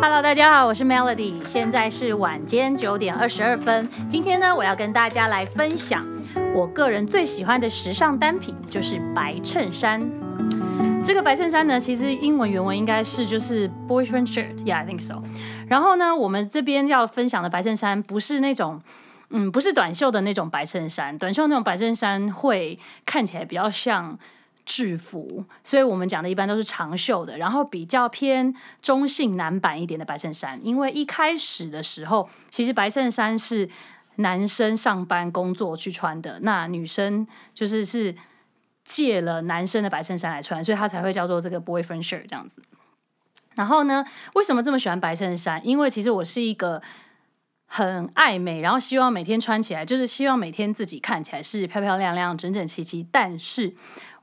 Hello，大家好，我是 Melody，現在是晚間九點二十二分。今天呢，我要跟大家來分享我個人最喜歡的時尚單品，就是白襯衫。這個白襯衫呢，其實英文原文應該是就是 boyfriend shirt，yeah，I think so。然後呢，我們這邊要分享的白襯衫不是那種，嗯，不是短袖的那種白襯衫，短袖的那種白襯衫會看起來比較像，制服，所以我們講的一般都是長袖的，然後比較偏中性男版一點的白襯衫。因為一開始的時候，其實白襯衫是男生上班工作去穿的，那女生就是是借了男生的白襯衫來穿，所以他才會叫做這個 boyfriend shirt 這樣子。然後呢，為什麼這麼喜歡白襯衫？因為其實我是一個很愛美，然後希望每天穿起來，就是希望每天自己看起來是漂漂亮亮、整整齊齊，但是。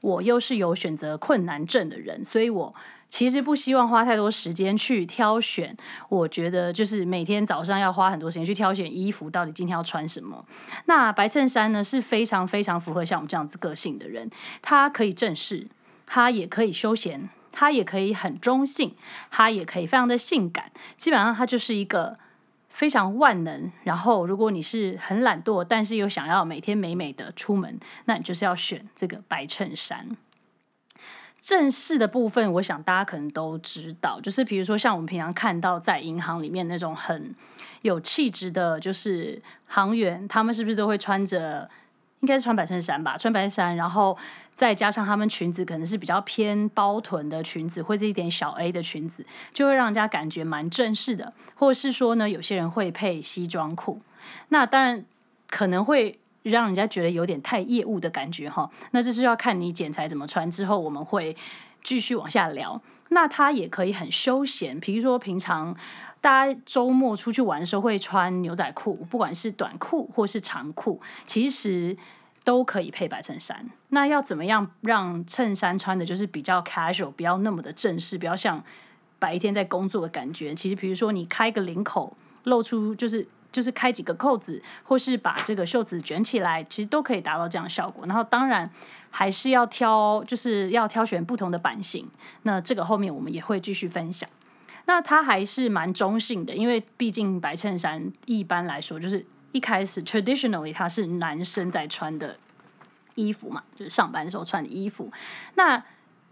我又是有選擇困難症的人，所以我其實不希望花太多時間去挑選。我覺得就是每天早上要花很多時間去挑選衣服，到底今天要穿什麼。那白襯衫呢，是非常非常符合像我們這樣子個性的人，它可以正式，它也可以休閒，它也可以很中性，它也可以非常的性感。基本上它就是一個。非常萬能。然後，如果你是很懶惰，但是又想要每天美美的出門，那你就是要選這個白襯衫。正式的部分，我想大家可能都知道，就是比如說像我們平常看到在銀行裡面那種很有氣質的，就是行員，他們是不是都會穿着？應該是穿白襯衫吧，穿白襯衫，然後再加上他們裙子可能是比較偏包臀的裙子，或者是一點小 A 的裙子，就會讓人家感覺蠻正式的。或者是說呢，有些人會配西裝褲，那當然可能會讓人家覺得有點太業務的感覺哈。那這是要看你剪裁怎麼穿。之後我們會繼續往下聊。那它也可以很休閒，比如說平常大家周末出去玩的時候會穿牛仔褲，不管是短褲或是長褲，其實。都可以配白襯衫。那要怎麼樣讓襯衫穿的就是比較 casual，不要那麼的正式，不要像白天在工作的感覺。其實，比如說你開個領口，露出就是就是開幾個扣子，或是把這個袖子捲起來，其實都可以達到這樣效果。然後，當然還是要挑，就是要挑選不同的版型。那這個後面我們也會繼續分享。那它還是蠻中性的，因為畢竟白襯衫一般來說就是。一開始，traditionally 它是男生在穿的衣服嘛，就是上班的時候穿的衣服。那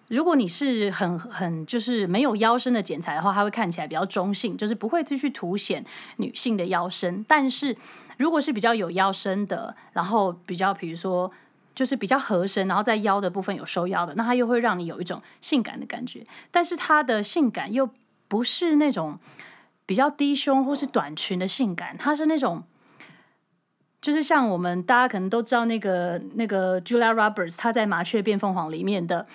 如果你是很很就是沒有腰身的剪裁的話，它會看起來比較中性，就是不會繼續凸顯女性的腰身。但是如果是比較有腰身的，然後比較比如說就是比較合身，然後在腰的部分有收腰的，那它又會讓你有一種性感的感覺。但是它的性感又不是那種比較低胸或是短裙的性感，它是那種。就是像我們大家可能都知道那個那個 Julia Roberts，她在《麻雀變鳳凰》裡面的，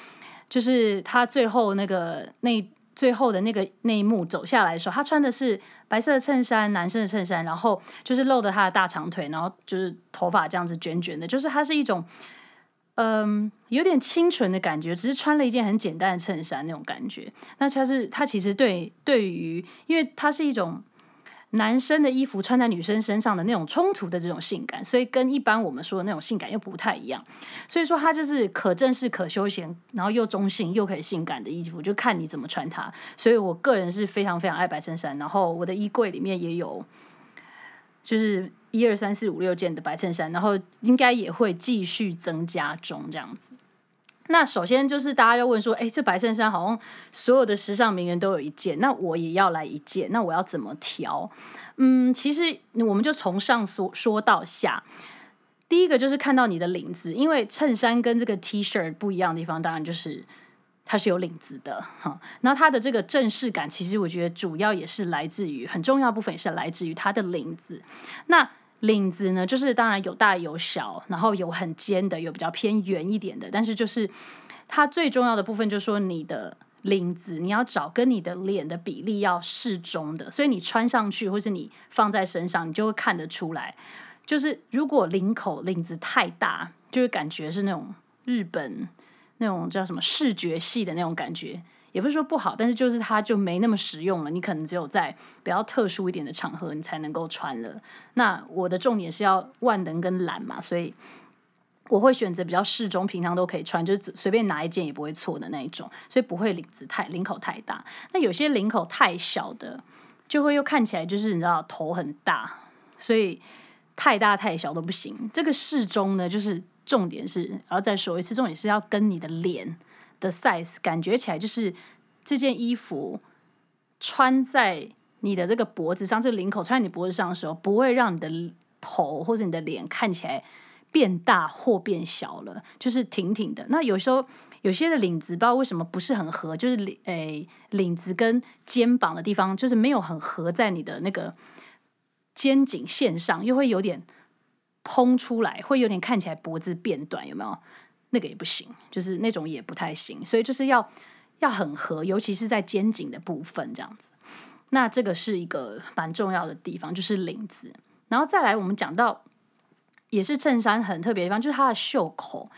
就是她最後那個那最後的那個那一幕走下來的時候，她穿的是白色的襯衫，男生的襯衫，然後就是露着她的大長腿，然後就是頭髮這樣子卷卷的，就是她是一種嗯、呃、有點清純的感覺，只是穿了一件很簡單的襯衫那種感覺。那她是她其實對對於，因為她是一種。男生的衣服穿在女生身上的那種衝突的這種性感，所以跟一般我們說的那種性感又不太一樣。所以說它就是可正式、可休閒，然後又中性又可以性感的衣服，就看你怎麼穿它。所以我個人是非常非常愛白襯衫，然後我的衣櫃裡面也有，就是一二三四五六件的白襯衫，然後應該也會繼續增加中這樣子。那首先就是大家要問說，哎，這白襯衫好像所有的時尚名人都有一件，那我也要來一件，那我要怎麼挑？嗯，其實我們就從上說說到下，第一個就是看到你的領子，因為襯衫跟這個 T 恤不一樣的地方，當然就是它是有領子的哈。那、嗯、它的這個正式感，其實我覺得主要也是來自於，很重要的部分也是來自於它的領子。那領子呢，就是當然有大有小，然後有很尖的，有比較偏圓一點的。但是就是它最重要的部分，就是說你的領子你要找跟你的臉的比例要適中的，所以你穿上去或是你放在身上，你就會看得出來。就是如果領口領子太大，就會感覺是那種日本那種叫什麼視覺系的那種感覺。也不是說不好，但是就是它就沒那麼實用了。你可能只有在比較特殊一點的場合，你才能夠穿了。那我的重點是要萬能跟懶嘛，所以我會選擇比較適中，平常都可以穿，就是隨便拿一件也不會錯的那一種。所以不會領子太，領口太大，那有些領口太小的就會又看起來就是你知道頭很大，所以太大太小都不行。這個適中呢，就是重點是，然後要再說一次，重點是要跟你的臉，的 size 感覺起來就是這件衣服穿在你的這個脖子上，這個領口穿在你脖子上的時候，不會讓你的頭或者你的臉看起來變大或變小了，就是挺挺的。那有時候有些的領子不知道為什麼不是很合，就是誒、欸、領子跟肩膀的地方就是沒有很合在你的那個肩頸線上，又會有點膨出來，會有點看起來脖子變短，有沒有？那個也不行，就是那種也不太行，所以就是要要很合，尤其是在肩頸的部分這樣子。那這個是一個蠻重要的地方，就是領子。然後再來，我們講到也是襯衫很特別的地方，就是它的袖口、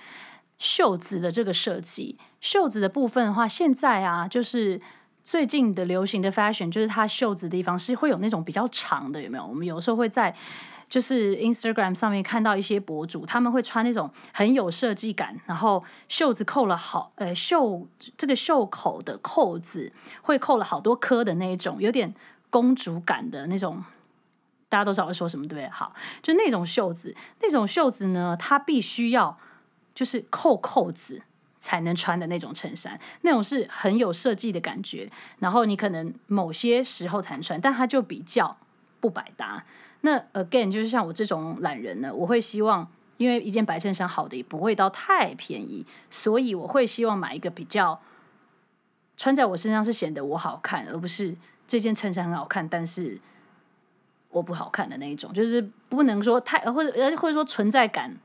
袖子的這個設計。袖子的部分的話，現在啊，就是最近的流行的 fashion，就是它袖子的地方是會有那種比較長的，有沒有？我們有時候會在。就是 Instagram 上面看到一些博主，他們會穿那種很有設計感，然後袖子扣了好，呃，袖這個袖口的扣子會扣了好多顆的那種，有點公主感的那種。大家都知道我說什麼對不對？好，就那種袖子，那種袖子呢，它必須要就是扣扣子才能穿的那種襯衫，那種是很有設計的感覺。然後你可能某些時候才能穿，但它就比較不百搭。那 again 就是像我這種懶人呢，我會希望，因為一件白襯衫好的也不會到太便宜，所以我會希望買一個比較穿在我身上是顯得我好看，而不是這件襯衫很好看，但是我不好看的那一種，就是不能說太，或者或者說存在感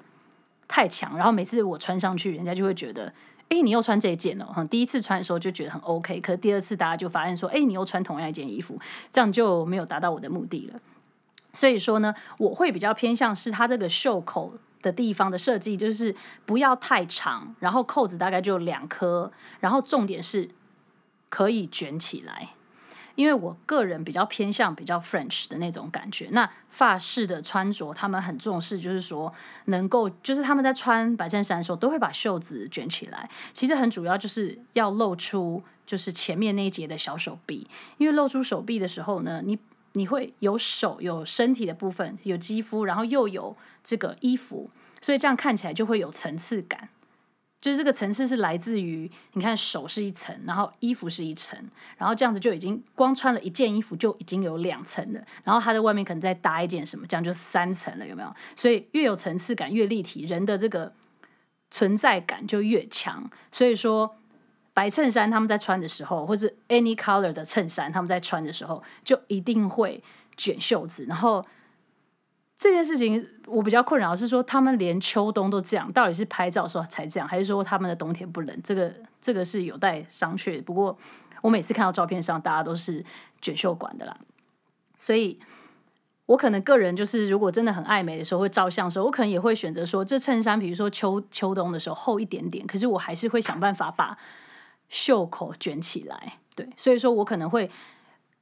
太強，然後每次我穿上去，人家就會覺得，哎，你又穿這件了，哦，第一次穿的時候就覺得很 OK，可是第二次大家就發現說，哎，你又穿同樣一件衣服，這樣就沒有達到我的目的了。所以說呢，我會比較偏向是它這個袖口的地方的設計，就是不要太長，然後扣子大概就兩顆，然後重點是可以卷起來，因為我個人比較偏向比較 French 的那種感覺。那法式的穿着，他們很重視，就是說能夠，就是他們在穿白襯衫，衫的時候，都會把袖子卷起來。其實很主要就是要露出，就是前面那一節的小手臂，因為露出手臂的時候呢，你。你會有手、有身體的部分、有肌膚，然後又有這個衣服，所以這樣看起來就會有層次感。就是這個層次是來自於，你看手是一層，然後衣服是一層，然後這樣子就已經光穿了一件衣服就已經有兩層了。然後他在外面可能再搭一件什麼，這樣就三層了，有沒有？所以越有層次感，越立體，人的這個存在感就越強。所以說。白襯衫他們在穿的時候，或是 any color 的襯衫他們在穿的時候，就一定會捲袖子。然後這件事情我比較困擾是說，他們連秋冬都這樣，到底是拍照的時候才這樣，還是說他們的冬天不冷？這個這個是有待商榷。不過我每次看到照片上大家都是捲袖管的啦，所以，我可能個人就是如果真的很愛美的時候會照相的時候，我可能也會選擇說這，這襯衫比如說秋秋冬的時候厚一點點，可是我還是會想辦法把。袖口捲起來，對，所以說我可能會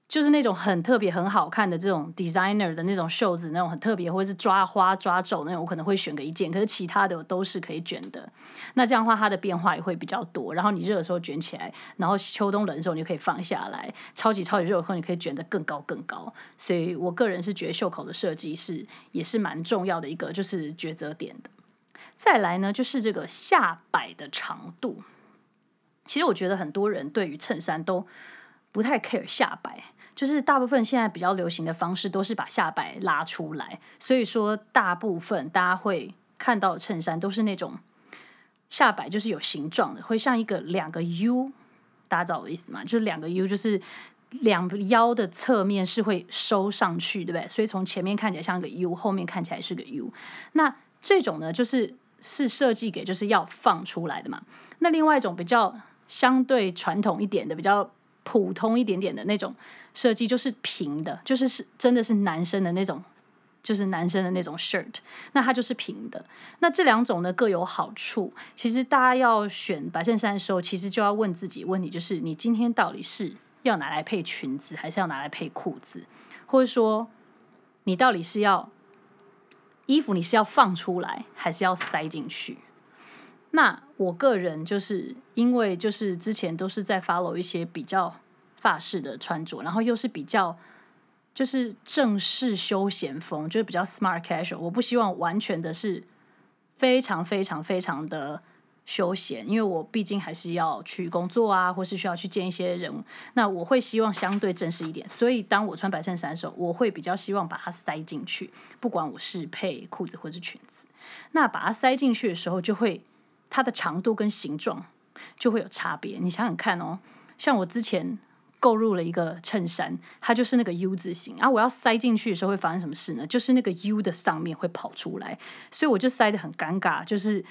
就是那種很特別、很好看的這種 designer 的那種袖子，那種很特別，或者是抓花、抓皺那種，我可能會選個一件。可是其他的我都是可以捲的，那這樣的話它的變化也會比較多。然後你熱的時候捲起來，然後秋冬冷的時候你就可以放下來，超級超級熱的時候你可以捲得更高更高。所以我個人是覺得袖口的設計是也是蠻重要的一個，就是抉擇點的。再來呢，就是這個下擺的長度。其實我覺得很多人對於襯衫都不太 care 下襬，就是大部分現在比較流行的方式都是把下襬拉出來，所以說大部分大家會看到的襯衫都是那種下襬就是有形狀的，會像一個兩個 U，大家知道我的意思嗎？就是兩個 U，就是兩腰的側面是會收上去，對不對？所以從前面看起來像個 U，後面看起來是個 U，那這種呢就是是設計給就是要放出來的嘛。那另外一種比較。相對傳統一點的，比較普通一點點的那種設計，就是平的，就是是真的是男生的那種，就是男生的那種 shirt，那它就是平的。那這兩種呢各有好處。其實大家要選白襯衫的時候，其實就要問自己，問題就是你今天到底是要拿來配裙子，還是要拿來配褲子？或者說你到底是要衣服你是要放出來，還是要塞進去？那我個人就是因為就是之前都是在 follow 一些比較法式的穿着，然後又是比較就是正式休閒風，就是比較 smart casual。我不希望完全的是非常非常非常的休閒，因為我畢竟還是要去工作啊，或是需要去見一些人。那我會希望相對正式一點，所以當我穿白襯衫的時候，我會比較希望把它塞進去，不管我是配褲子或是裙子。那把它塞進去的時候，就會。它的長度跟形狀就會有差別，你想想看哦。像我之前購入了一個襯衫，它就是那個 U 字形，然後我要塞進去的時候會發生什麼事呢？就是那個 U 的上面會跑出來，所以我就塞得很尷尬，就是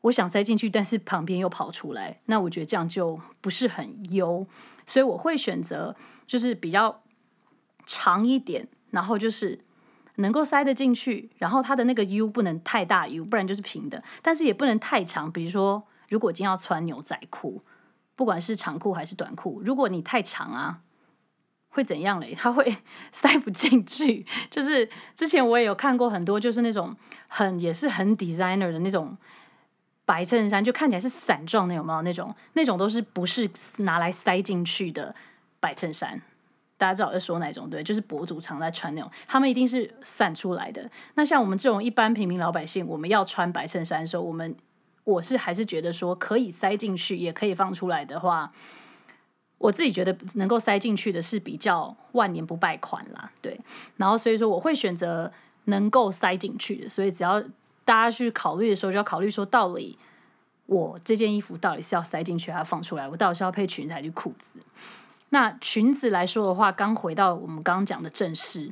我想塞進去，但是旁邊又跑出來，那我覺得這樣就不是很優，所以我會選擇就是比較長一點，然後就是。能夠塞得進去，然後它的那個 U 不能太大 U，不然就是平的。但是也不能太長。比如說，如果今天要穿牛仔褲，不管是長褲還是短褲，如果你太長啊，會怎樣嘞？它會塞不進去。就是之前我也有看過很多，就是那種很也是很 designer 的那種白襯衫，就看起來是傘狀的，有沒有那種？那種都是不是拿來塞進去的白襯衫。大家知道我在說哪種，對，就是博主常在穿那種，他們一定是散出來的。那像我們這種一般平民老百姓，我們要穿白襯衫的時候，我們我是還是覺得說可以塞進去，也可以放出來的話，我自己覺得能夠塞進去的是比較萬年不敗款啦，對。然後所以說我會選擇能夠塞進去的，所以只要大家去考慮的時候，就要考慮說到底我這件衣服到底是要塞進去還是放出來，我到底是要配裙子還是褲子。那裙子來說的話，剛回到我們剛剛講的正式。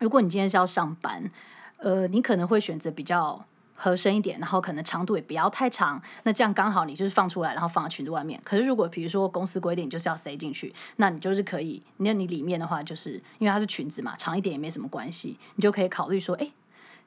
如果你今天是要上班，呃，你可能會選擇比較合身一點，然後可能長度也不要太長，那這樣剛好你就是放出來，然後放在裙子外面。可是如果比如說公司規定你就是要塞進去，那你就是可以，那你裡面的話就是因為它是裙子嘛，長一點也沒什麼關係，你就可以考慮說，哎、欸，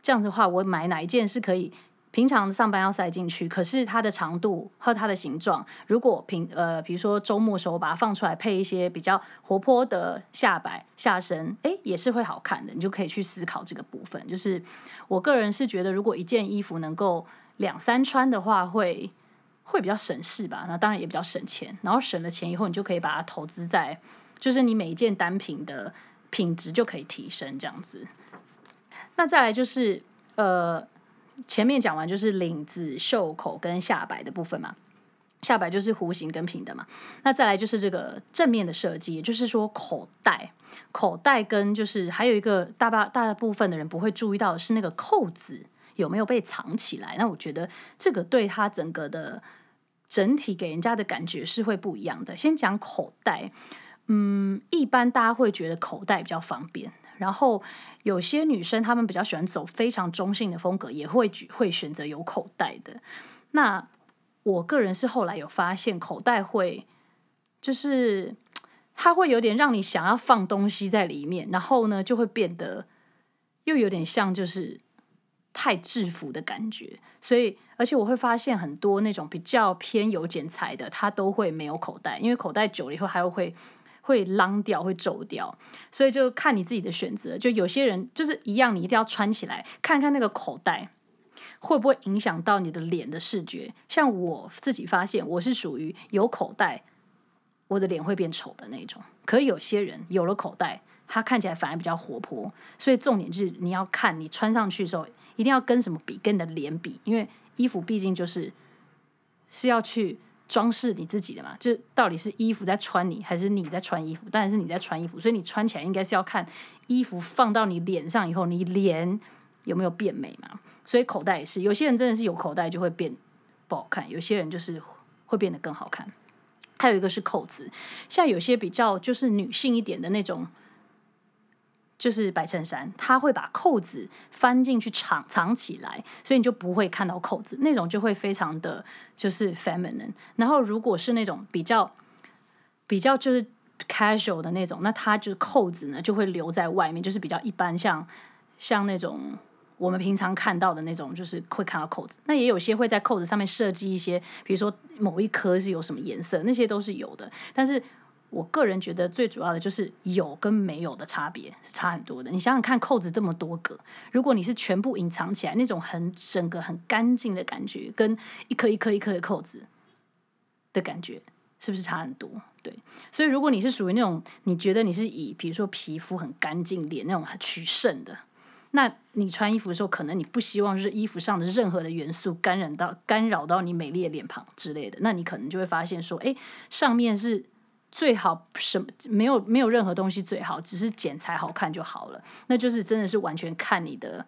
這樣子的話我買哪一件是可以。平常上班要塞進去，可是它的長度和它的形狀，如果平呃，比如說周末時候把它放出來，配一些比較活潑的下擺下身，誒也是會好看的。你就可以去思考這個部分。就是我個人是覺得，如果一件衣服能夠兩三穿的話會，會會比較省事吧。那當然也比較省錢。然後省了錢以後，你就可以把它投資在，就是你每一件單品的品質就可以提升這樣子。那再來就是呃。前面講完就是領子、袖口跟下擺的部分嘛，下擺就是弧形跟平的嘛。那再來就是這個正面的設計，也就是說口袋、口袋跟就是還有一個大部大部分的人不會注意到的是那個扣子有沒有被藏起來。那我覺得這個對它整個的整體給人家的感覺是會不一樣的。先講口袋，嗯，一般大家會覺得口袋比較方便。然後有些女生她們比較喜歡走非常中性的風格，也會會會選擇有口袋的。那我個人是後來有發現，口袋會就是它會有點讓你想要放東西在裡面，然後呢就會變得又有點像就是太制服的感覺。所以而且我會發現很多那種比較偏有剪裁的，它都會沒有口袋，因為口袋久了以後還會會。會浪掉，會皺掉，所以就看你自己的選擇。就有些人就是一樣，你一定要穿起來，看看那個口袋會不會影響到你的臉的視覺。像我自己發現，我是屬於有口袋，我的臉會變醜的那種。可有些人有了口袋，他看起來反而比較活潑。所以重點是你要看你穿上去的時候，一定要跟什麼比，跟你的臉比，因為衣服畢竟就是是要去。裝飾你自己的嘛，就是到底是衣服在穿你，還是你在穿衣服？當然是你在穿衣服，所以你穿起來應該是要看衣服放到你臉上以後，你臉有沒有變美嘛。所以口袋也是，有些人真的是有口袋就會變不好看，有些人就是會變得更好看。還有一個是扣子，像有些比較就是女性一點的那種。就是白襯衫，它會把扣子翻進去藏藏起來，所以你就不會看到扣子。那種就會非常的就是 feminine。然後如果是那種比較比較就是 casual 的那種，那它就是扣子呢就會留在外面，就是比較一般像，像像那種我們平常看到的那種，就是會看到扣子。那也有些會在扣子上面設計一些，比如說某一顆是有什麼顏色，那些都是有的。但是我個人覺得最主要的就是有跟沒有的差別是差很多的。你想想看，扣子這麼多個，如果你是全部隱藏起來，那種很整個很乾淨的感覺，跟一顆一顆一顆的扣子的感覺，是不是差很多？對。所以如果你是屬於那種你覺得你是以比如說皮膚很乾淨、臉那種很取勝的，那你穿衣服的時候，可能你不希望就是衣服上的任何的元素干擾到干擾到你美麗的臉龐之類的，那你可能就會發現說，哎，上面是。最好什麼沒有沒有任何東西最好，只是剪裁好看就好了。那就是真的是完全看你的，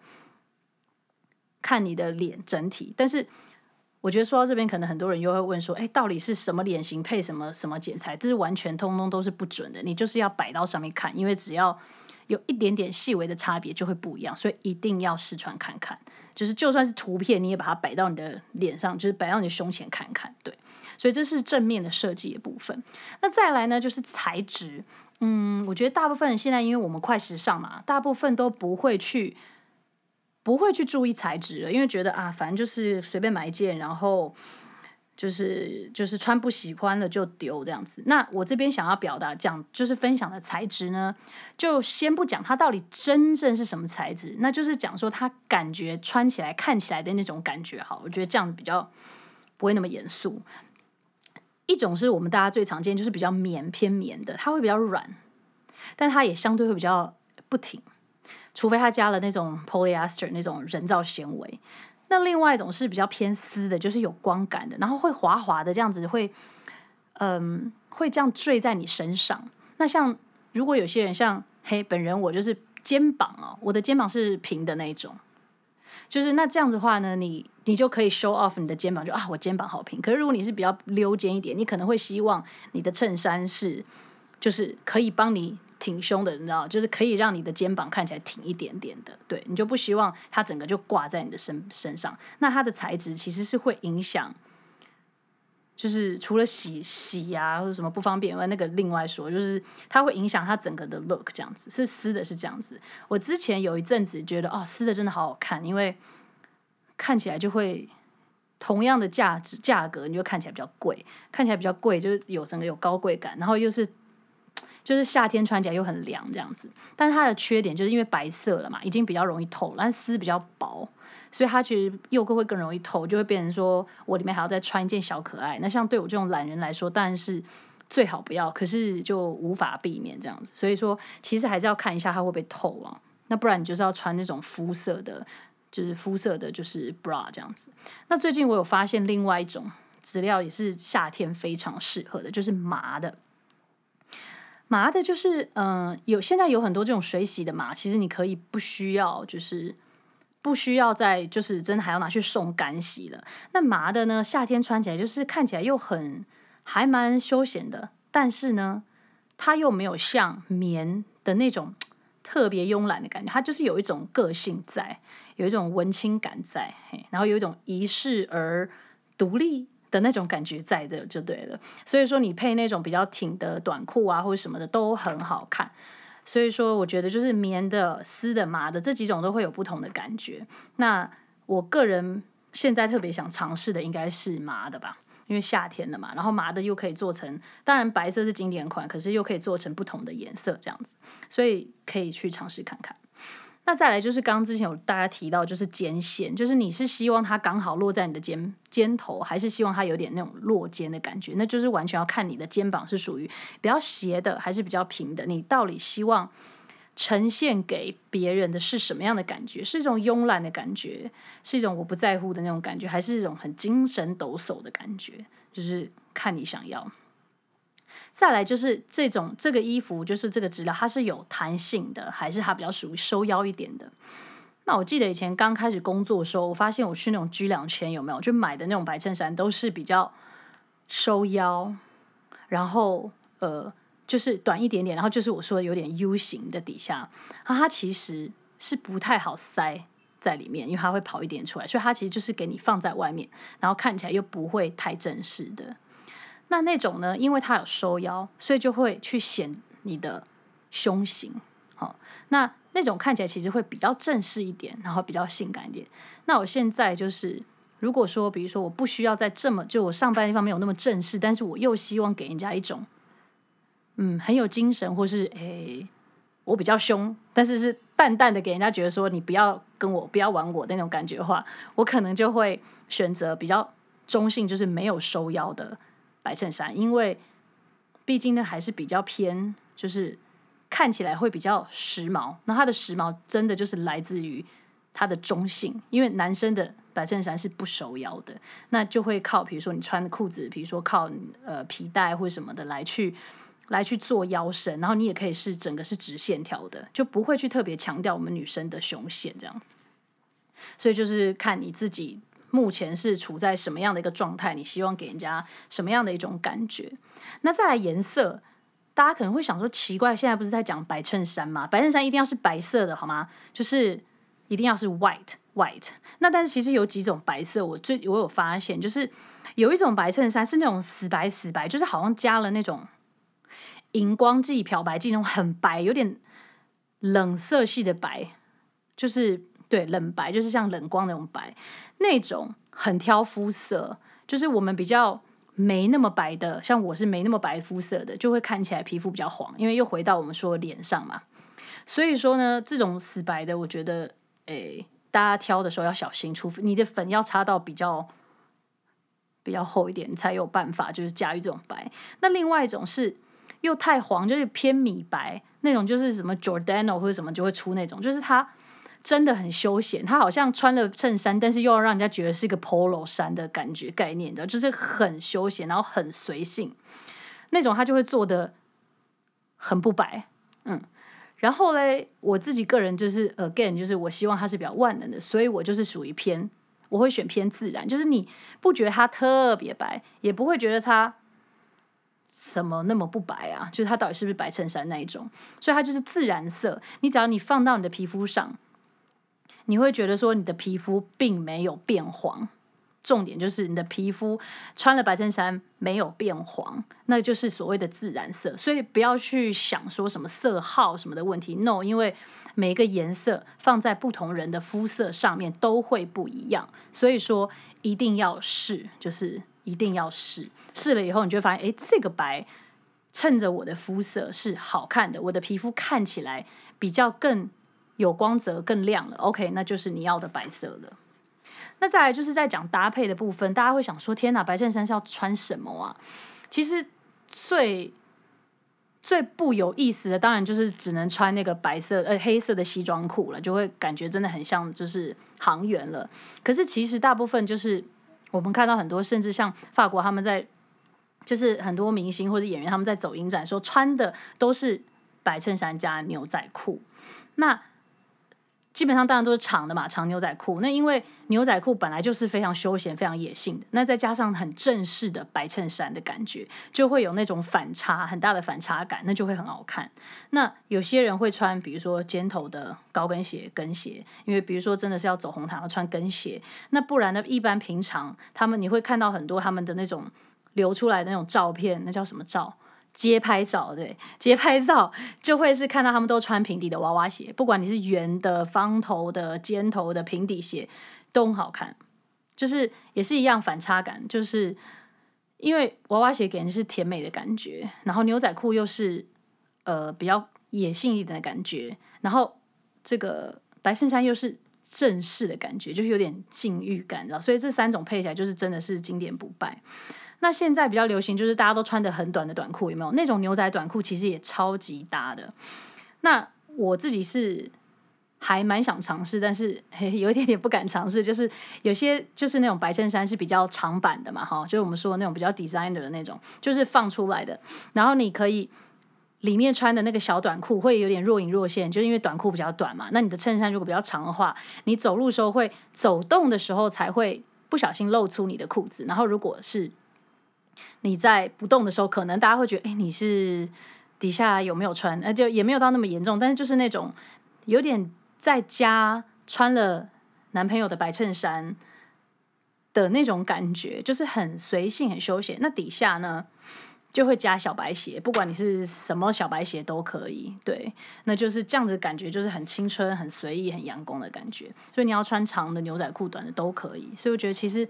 看你的臉整體。但是我覺得說到這邊，可能很多人又會問說：“哎，到底是什麼臉型配什麼什麼剪裁？”這是完全通通都是不準的。你就是要擺到上面看，因為只要有一點點細微的差別就會不一樣，所以一定要試穿看看。就是就算是圖片，你也把它擺到你的臉上，就是擺到你的胸前看看。對。所以這是正面的設計的部分。那再來呢，就是材質。嗯，我覺得大部分現在因為我們快時尚嘛，大部分都不會去，不會去注意材質了，因為覺得啊，反正就是隨便買一件，然後就是就是穿不喜歡了就丟這樣子。那我這邊想要表達講就是分享的材質呢，就先不講它到底真正是什麼材質，那就是講說它感覺穿起來看起來的那種感覺，好，我覺得這樣比較不會那麼嚴肅。一種是我們大家最常見，就是比較棉偏棉的，它會比較軟，但它也相對會比較不挺，除非它加了那種 polyester 那種人造纖維。那另外一種是比較偏絲的，就是有光感的，然後會滑滑的這樣子會，嗯，會這樣墜在你身上。那像，如果有些人像，嘿，本人我就是肩膀哦，我的肩膀是平的那一種。就是那這樣子的話呢，你你就可以 show off 你的肩膀，就啊，我肩膀好平。可是如果你是比較溜肩一點，你可能會希望你的襯衫是，就是可以幫你挺胸的，你知道，就是可以讓你的肩膀看起來挺一點點的。對，你就不希望它整個就掛在你的身身上。那它的材質其實是會影響。就是除了洗洗啊或者什麼不方便，以外，那個另外說，就是它會影響它整個的 look 這樣子。是絲的，是這樣子。我之前有一陣子覺得哦，絲的真的好好看，因為看起來就會同樣的價值價格，你就看起來比較貴，看起來比較貴，就是有整個有高貴感，然後又是就是夏天穿起來又很涼這樣子。但是它的缺點就是因為白色了嘛，已經比較容易透了，而且絲比較薄。所以它其實右勾會更容易透，就會變成說我裡面還要再穿一件小可愛。那像對我這種懶人來說，當然是最好不要。可是就無法避免這樣子，所以說其實還是要看一下它會不會透啊。那不然你就是要穿那種膚色的，就是膚色的，就是 bra 這樣子。那最近我有發現另外一種質料，也是夏天非常適合的，就是麻的。麻的，就是嗯、呃，有現在有很多這種水洗的麻，其實你可以不需要，就是。不需要再就是真的還要拿去送乾洗了。那麻的呢，夏天穿起來就是看起來又很還蠻休閒的，但是呢，它又沒有像棉的那種特別慵懶的感覺，它就是有一種個性在，有一種文青感在，然後有一種遺世而獨立的那種感覺在的就對了。所以說你配那種比較挺的短褲啊或者什麼的都很好看。所以說，我覺得就是棉的、絲的、麻的這幾種都會有不同的感覺。那我個人現在特別想嘗試的應該是麻的吧，因為夏天了嘛。然後麻的又可以做成，當然白色是經典款，可是又可以做成不同的顏色這樣子，所以可以去嘗試看看。那再來就是剛剛之前有大家提到，就是肩線，就是你是希望它剛好落在你的肩肩頭，還是希望它有點那種落肩的感覺？那就是完全要看你的肩膀是屬於比較斜的，還是比較平的？你到底希望呈現給別人的是什麼樣的感覺？是一種慵懶的感覺，是一種我不在乎的那種感覺，還是一種很精神抖擻的感覺？就是看你想要。再來就是這種這個衣服，就是這個質料，它是有彈性的，還是它比較屬於收腰一點的？那我記得以前剛開始工作的時候，我發現我去那種 G2000 有沒有？就買的那種白襯衫都是比較收腰，然後呃，就是短一點點，然後就是我說的有點 U 型的底下，它它其實是不太好塞在裡面，因為它會跑一點出來，所以它其實就是給你放在外面，然後看起來又不會太正式的。那那種呢？因為它有收腰，所以就會去顯你的胸型，哦。那那種看起來其實會比較正式一點，然後比較性感一點。那我現在就是，如果說比如說我不需要在這麼就我上班的地方沒有那麼正式，但是我又希望給人家一種嗯很有精神，或是誒我比較兇，但是是淡淡的給人家覺得說你不要跟我不要玩我的那種感覺的話，我可能就會選擇比較中性，就是沒有收腰的，白襯衫，因為畢竟呢還是比較偏，就是看起來會比較時髦。那它的時髦真的就是來自於它的中性，因為男生的白襯衫是不收腰的，那就會靠比如說你穿的褲子，比如說靠呃皮帶或什麼的來去來去做腰身，然後你也可以是整個是直線條的，就不會去特別強調我們女生的胸線這樣。所以就是看你自己。目前是處在什麼樣的一個狀態？你希望給人家什麼樣的一種感覺？那再來顏色，大家可能會想說奇怪，現在不是在講白襯衫嗎？白襯衫一定要是白色的，好嗎？就是一定要是 white white。那但是其實有幾種白色，我最我有發現就是有一種白襯衫是那種死白死白，就是好像加了那種熒光劑、漂白劑那種很白，有點冷色系的白，就是。對，冷白就是像冷光那種白，那種很挑膚色，就是我們比較沒那麼白的，像我是沒那麼白膚色的，就會看起來皮膚比較黃，因為又回到我們說的臉上嘛。所以說呢，這種死白的，我覺得，誒，大家挑的時候要小心出，除非你的粉要擦到比較比較厚一點，才有辦法就是駕馭這種白。那另外一種是又太黃，就是偏米白那種，就是什麼 Giordano 或者什麼就會出那種，就是它。真的很休閒，他好像穿了襯衫，但是又要讓人家覺得是一個 Polo 衫的感覺概念的，就是很休閒，然後很隨性那種，他就會做得很不白，嗯。然後嘞，我自己個人就是 again，就是我希望他是比較萬能的，所以我就是屬於偏，我會選偏自然，就是你不覺得它特別白，也不會覺得它什麼那麼不白啊，就是它到底是不是白襯衫那一種，所以它就是自然色，你只要你放到你的皮膚上，你會覺得說你的皮膚並沒有變黃，重點就是你的皮膚穿了白襯衫沒有變黃，那就是所謂的自然色。所以不要去想說什麼色號什麼的問題，no，因為每一個顏色放在不同人的膚色上面都會不一樣。所以說一定要試，就是一定要試試了以後，你就發現，哎，這個白襯着我的膚色是好看的，我的皮膚看起來比較更。有光澤更亮了，OK，那就是你要的白色了。那再來就是在講搭配的部分，大家會想說：天哪，白襯衫是要穿什麼啊？其實最最不有意思的，當然就是只能穿那個白色呃黑色的西裝褲了，就會感覺真的很像就是行員了。可是其實大部分就是我們看到很多，甚至像法國他們在就是很多明星或者演員他們在走影展的時候，說穿的都是白襯衫加牛仔褲，那。基本上當然都是長的嘛，長牛仔褲。那因為牛仔褲本來就是非常休閒、非常野性的，那再加上很正式的白襯衫的感覺，就會有那種反差很大的反差感，那就會很好看。那有些人會穿，比如說尖頭的高跟鞋、跟鞋，因為比如說真的是要走紅毯要穿跟鞋。那不然呢？一般平常他們你會看到很多他們的那種流出來的那種照片，那叫什麼照？街拍照，對，街拍照就會是看到他們都穿平底的娃娃鞋，不管你是圓的、方頭的、尖頭的平底鞋都很好看，就是也是一樣反差感，就是因為娃娃鞋給人是甜美的感覺，然後牛仔褲又是呃比較野性一點的感覺，然後這個白襯衫又是正式的感覺，就是有點禁慾感，知道？所以這三種配起來就是真的是經典不敗。那現在比較流行就是大家都穿得很短的短褲，有沒有那種牛仔短褲？其實也超級搭的。那我自己是還蠻想嘗試，但是，嘿，有一點點不敢嘗試，就是有些就是那種白襯衫是比較長版的嘛，哈，就是我們說的那種比較 design 的那種，就是放出來的。然後你可以裡面穿的那個小短褲會有點若隱若現，就是因為短褲比較短嘛。那你的襯衫如果比較長的話，你走路時候會走動的時候才會不小心露出你的褲子。然後如果是你在不動的時候，可能大家會覺得，誒，你是底下有沒有穿？呃，就也沒有到那麽嚴重，但是就是那種有點在家穿了男朋友的白襯衫的那種感覺，就是很隨性、很休閒。那底下呢，就會加小白鞋，不管你是什麽小白鞋都可以。對，那就是這樣子的感覺，就是很青春、很隨意、很陽光的感覺。所以你要穿長的牛仔褲，短的都可以。所以我覺得其實。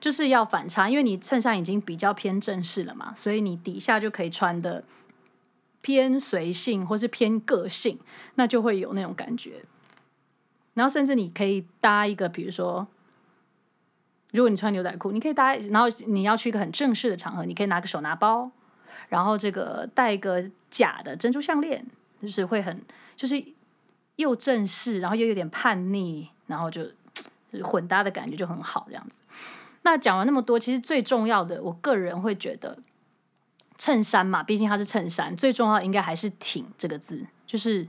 就是要反差，因為你襯衫已經比較偏正式了嘛，所以你底下就可以穿得偏隨性或是偏個性，那就會有那種感覺。然後甚至你可以搭一個，比如說，如果你穿牛仔褲，你可以搭，然後你要去一個很正式的場合，你可以拿個手拿包，然後這個戴一個假的珍珠項鏈，就是會很就是又正式，然後又有點叛逆，然後就、就是、混搭的感覺就很好，這樣子。那講了那麼多，其實最重要的，我個人會覺得襯衫嘛，畢竟它是襯衫，最重要應該還是挺這個字。就是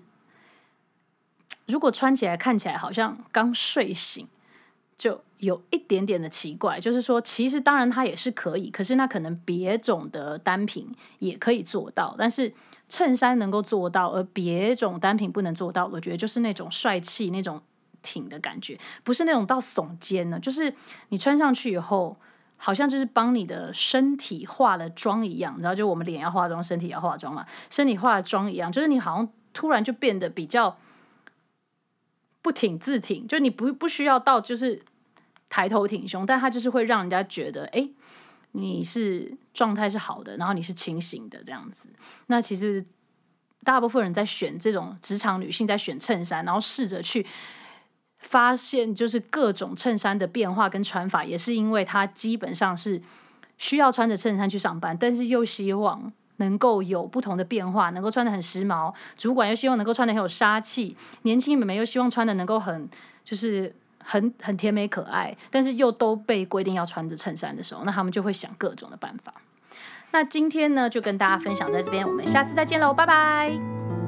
如果穿起來看起來好像剛睡醒，就有一點點的奇怪。就是說，其實當然它也是可以，可是，那可能別種的單品也可以做到，但是襯衫能夠做到，而別種單品不能做到，我覺得就是那種帥氣那種。挺的感覺，不是那種到聳肩呢，就是你穿上去以後，好像就是幫你的身體化了妝一樣，然後就我們臉要化妝，身體要化妝嘛，身體化了妝一樣，就是你好像突然就變得比較不挺自挺，就你不不需要到就是抬頭挺胸，但它就是會讓人家覺得，哎、欸，你是狀態是好的，然後你是清醒的這樣子。那其實大部分人在選這種職場女性在選襯衫，然後試着去。發現就是各種襯衫的變化跟穿法，也是因為它基本上是需要穿着襯衫去上班，但是又希望能夠有不同的變化，能夠穿得很時髦。主管又希望能夠穿得很有殺氣，年輕美眉又希望穿得能夠很就是很很甜美可愛，但是又都被規定要穿着襯衫的時候，那他們就會想各種的辦法。那今天呢，就跟大家分享在這邊，我們下次再見嘍，拜拜。